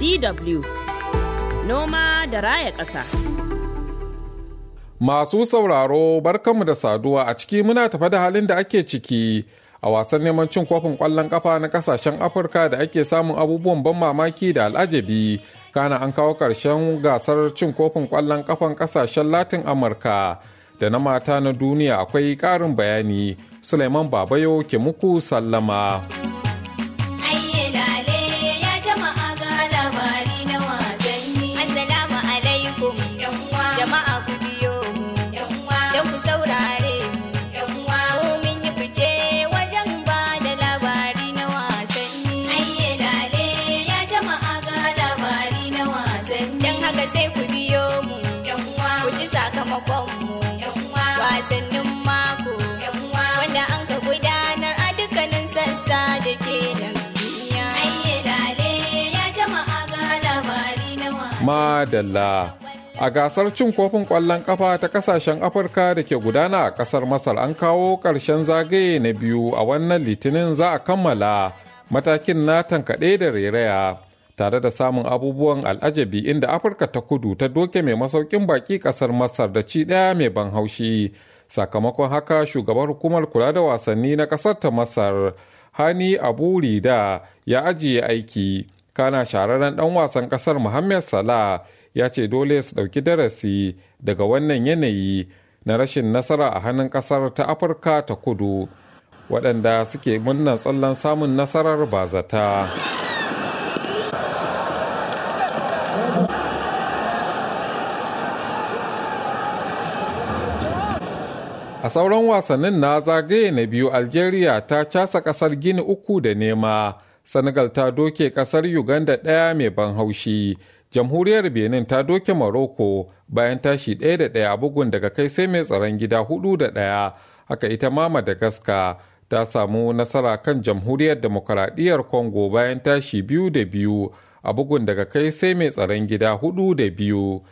DW Noma da Raya Ƙasa. Masu sauraro barkanmu da saduwa a ciki muna tafa da halin da ake ciki a wasan neman cin kofin ƙwallon ƙafa na ƙasashen Afirka da ake samun abubuwan ban mamaki da al'ajabi. Kana an kawo ƙarshen gasar cin kofin ƙwallon ƙafan ƙasashen Latin Amurka da na mata na duniya akwai ƙarin bayani. Suleiman Babayo ke muku sallama. jama'a ku biyo mu don ku saurare mu mu mun yi fice wajen ba da labari na wasanni ayye lale ya jama'a ga labari na wasanni don haka sai ku biyo mu ku ci sakamakon mu wasannin mako wanda an ka gudanar a dukkanin sassa da ke nan Madalla a gasar cin kofin kwallon kafa ta kasashen afirka da ke gudana a kasar masar an kawo ƙarshen zagaye na biyu a wannan litinin za a kammala matakin na tankaɗe da rairaya tare da samun abubuwan al'ajabi inda afirka ta kudu ta doke mai masaukin baki kasar masar da ci ɗaya mai ban haushi sakamakon haka shugaban hukumar kula da wasanni na kasar ta masar hani abu rida ya ajiye aiki kana shararren ɗan wasan kasar muhammad salah ya ce dole su ɗauki darasi daga wannan yanayi na rashin nasara a hannun ƙasar ta afirka ta kudu waɗanda suke murnan tsallan samun nasarar bazata. A sauran wasannin na zagaye na biyu Algeria ta casa ƙasar Gini uku da nema, Senegal ta doke ƙasar Uganda ɗaya mai ban haushi, jamhuriyar benin ta doke morocco bayan tashi ɗaya da ɗaya bugun daga kai sai mai tsaron gida hudu da ɗaya haka ita ma madagascar ta samu nasara kan jamhuriyar demokaradiyyar congo bayan tashi biyu da biyu a bugun daga kai sai mai tsaron gida hudu da biyu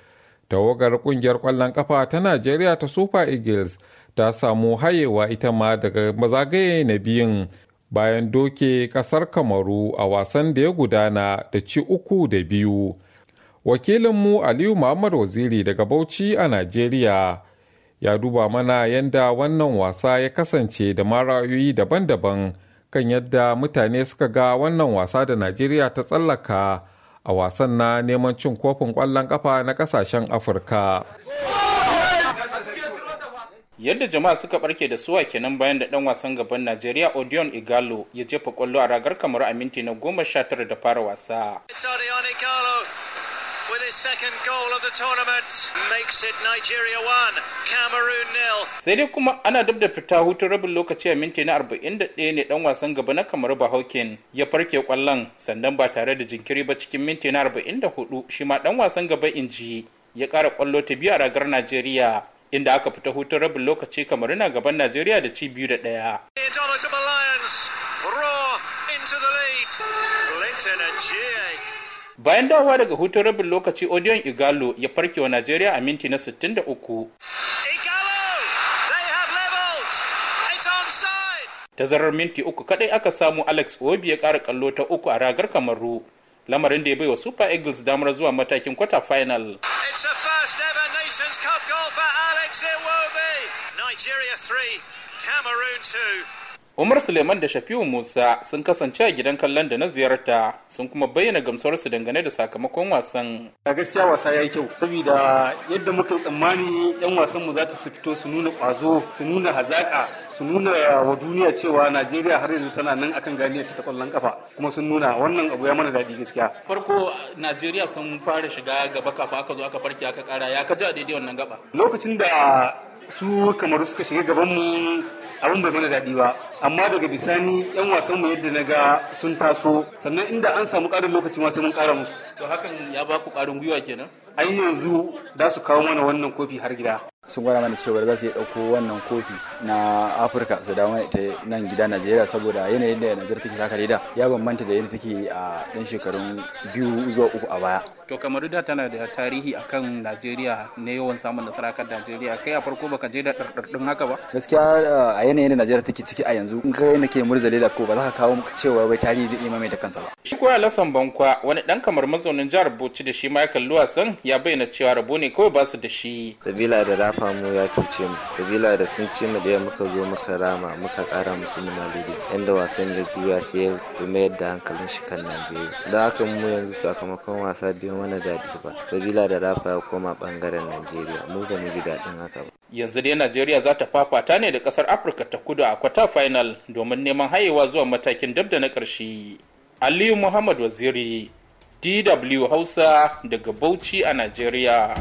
tawagar kungiyar kwallon kafa ta najeriya ta super eagles ta samu hayewa ita ma daga mazagaye na biyun bayan doke kasar kamaru a wasan da ya gudana da ci uku da biyu wakilinmu aliyu muhammad waziri daga bauchi a najeriya ya duba mana yadda wannan wasa ya kasance da marayoyi daban-daban kan yadda mutane suka ga wannan wasa da najeriya ta tsallaka a wasan na neman cin kofin kwallon kafa na kasashen afirka yadda jama'a suka barke da suwa kenan bayan da dan wasan gaban najeriya odion igalo ya jefa kwallo a ragar kamar a minti na goma sha tara da fara wasa with his second goal of the tournament makes it Nigeria 1 Cameroon 0 sai dai kuma ana dabda fita hutun rabin lokaci a minti na 41 ne dan wasan gaba na Kamaru Bahawkin ya farke kwallon sannan ba tare da jinkiri ba cikin minti na 44 shi ma dan wasan gaba inji ya kara kwallo ta biyu a ragar Najeriya inda aka fita hutun rabin lokaci kamar na gaban Najeriya da ci biyu da ɗaya. into the lead. Linton and Jay. bayan dawowa daga hutun rabin lokaci odion igalo ya farke wa najeriya a minti na 63 tazarar minti uku kadai aka samu alex obi ya kara kallo ta uku a ragar kamaru lamarin da ya baiwa super eagles damar zuwa matakin kwata final Nigeria Cameroon 2. Umar Suleiman da Shafi'u Musa sun kasance a gidan kallon da na ziyarta sun kuma bayyana gamsuwarsu dangane da sakamakon wasan. A gaskiya wasa ya yi kyau saboda yadda muka tsammani 'yan wasan mu za ta su fito su nuna ƙwazo su nuna hazaƙa su nuna wa duniya cewa Najeriya har yanzu tana nan akan ganiyar ta kwallon kafa kuma sun nuna wannan abu ya mana daɗi gaskiya. Farko Najeriya sun fara shiga gaba kafa aka zo aka farke aka kara ya kaji a daidai wannan gaba. Lokacin da su kamar suka shiga gaban mu abin bai mana daɗi ba amma daga bisani yan wasan mu yadda na ga sun taso sannan inda an samu ƙarin lokaci ma sai mun ƙara musu to hakan ya ba ku ƙarin gwiwa kenan ai yanzu za su kawo mana wannan kofi har gida sun gwada mana cewa za su yi ɗauko wannan kofi na afirka su dawo ta nan gida najeriya saboda yanayin da najeriya take taka leda ya bambanta da yadda take a ɗan shekarun biyu zuwa uku a baya to kamar da tana da tarihi akan najeriya ne yawan samun nasara kan najeriya kai a farko baka je da ɗarɗarɗin haka ba gaskiya a yanayin da najeriya take ciki a yanzu in kai nake murza da ko ba za ka kawo cewa bai tarihi zai iya da kansa ba shi kuwa lasan bankwa wani ɗan kamar mazaunin jihar bauchi da shi ma ya kalli wasan ya bayyana cewa rabo ne kawai ba su da shi sabila da samu ya cuce mu sabila da sun ce mu da muka zo muka rama muka kara musu munalidi inda wasan ya juya sai ya mayar da hankalin shi kan najeriya da haka mu yanzu sakamakon wasa biyu mana daɗi ba sabila da rafa ya koma bangaren najeriya mu ba mu ji daɗin haka ba yanzu dai najeriya za ta fafata ne da kasar afirka ta kudu a kwata final domin neman hayewa zuwa matakin dab na karshe aliyu muhammad waziri dw hausa daga bauchi a najeriya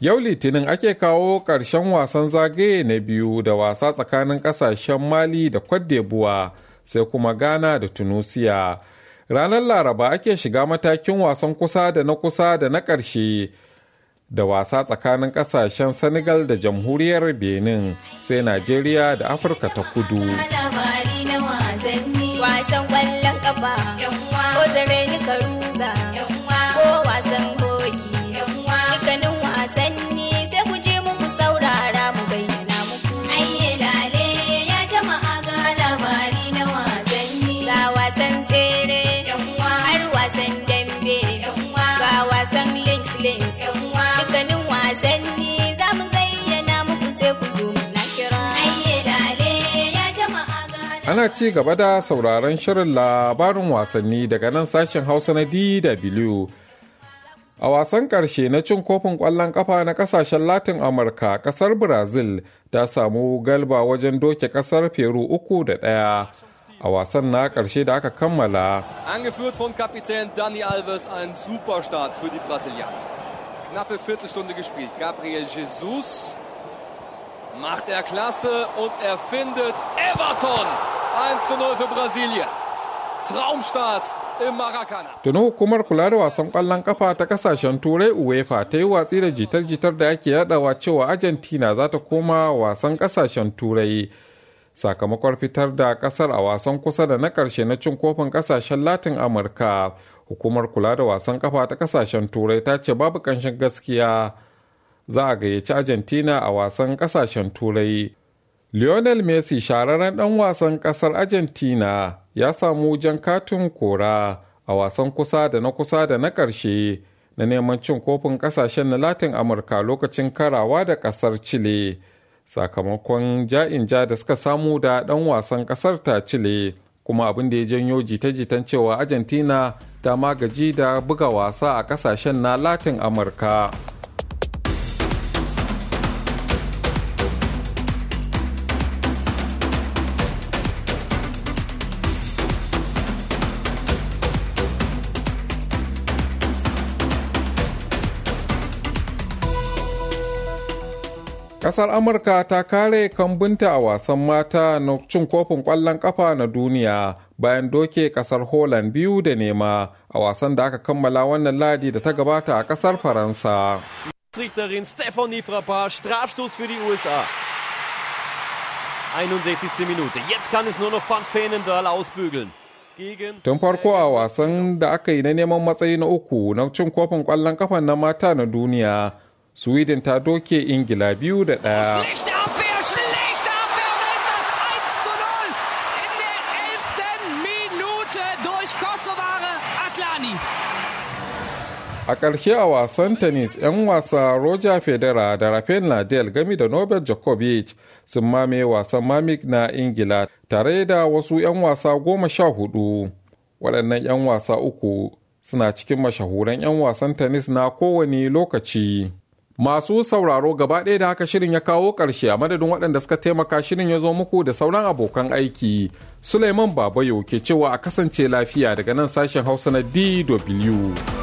Yau Litinin ake kawo ƙarshen wasan zagaye na biyu da wasa tsakanin ƙasashen Mali da d'Ivoire sai kuma Ghana da Tunusiya. Ranar Laraba ake shiga matakin wasan kusa da na kusa da na ƙarshe da wasa tsakanin ƙasashen Senegal da Jamhuriyar Benin sai Najeriya da Afirka ta Kudu. Wasan Ana ci gaba da sauraron shirin labarin wasanni daga nan sashen Hausa na DW. A wasan ƙarshe na cin kofin ƙwallon ƙafa na ƙasashen Latin Amurka, ƙasar Brazil ta samu galba wajen doke ƙasar Peru uku da ɗaya. a wasan na ƙarshe da aka kammala. Angeführt von Kapitän Dani Alves, ein Superstart für die Brasilianer. Knappe Viertelstunde gespielt. Gabriel Jesus macht er klasse und er findet Everton. 1 zu 0 für Brasilien. Traumstart im Maracana. Tuni hukumar kula da wasan kwallon kafa ta kasashen Turai UEFA ta yi watsi da jitar-jitar da ake yadawa cewa Argentina za ta koma wasan kasashen Turai. Sakamakon fitar da kasar a wasan kusa da na karshe na cin kofin kasashen Latin Amurka. Hukumar kula da wasan kafa ta kasashen Turai ta ce babu ƙanshin gaskiya. Za a gayyaci Argentina a wasan kasashen Turai. Lionel Messi shararren ɗan wasan ƙasar Argentina ya samu jan katin kora a wasan kusa da na kusa da na ƙarshe na neman cin kofin ƙasashen na Latin Amurka lokacin karawa da ƙasar Chile sakamakon ja'in ja da suka samu da ɗan wasan ƙasar ta Chile kuma abin da ya janyo jita-jitan cewa Argentina ta magaji da buga wasa a ƙasashen na Latin Amurka. Ƙasar Amurka ta kare kambunta a wasan mata na cin kofin kwallon ƙafa na duniya bayan doke ƙasar Holland biyu da nema a wasan da aka kammala wannan ladi da ta gabata a ƙasar Faransa. Richterin Stephanie Frappard, Strafstoß für die USA. 61. Minute. Jetzt kann es nur noch Van Feenendal ausbügeln. Tun farko a wasan da aka yi na neman matsayi na uku na cin kofin kwallon ƙafa na mata na duniya sweden ta doke ingila biyu da ɗaya a ƙarshe a wasan tennis 'yan wasa roger federer da rafael nadal gami da nobel djokovic sun mame wasan mamik na ingila tare da wasu 'yan wasa goma sha hudu waɗannan 'yan wasa uku suna cikin mashahuran 'yan wasan tennis na kowane lokaci Masu sauraro gaba ɗaya da haka shirin ya kawo ƙarshe a madadin waɗanda suka taimaka shirin ya zo muku da sauran abokan aiki. Suleiman Babayo ke cewa a kasance lafiya daga nan sashen Hausa na DW.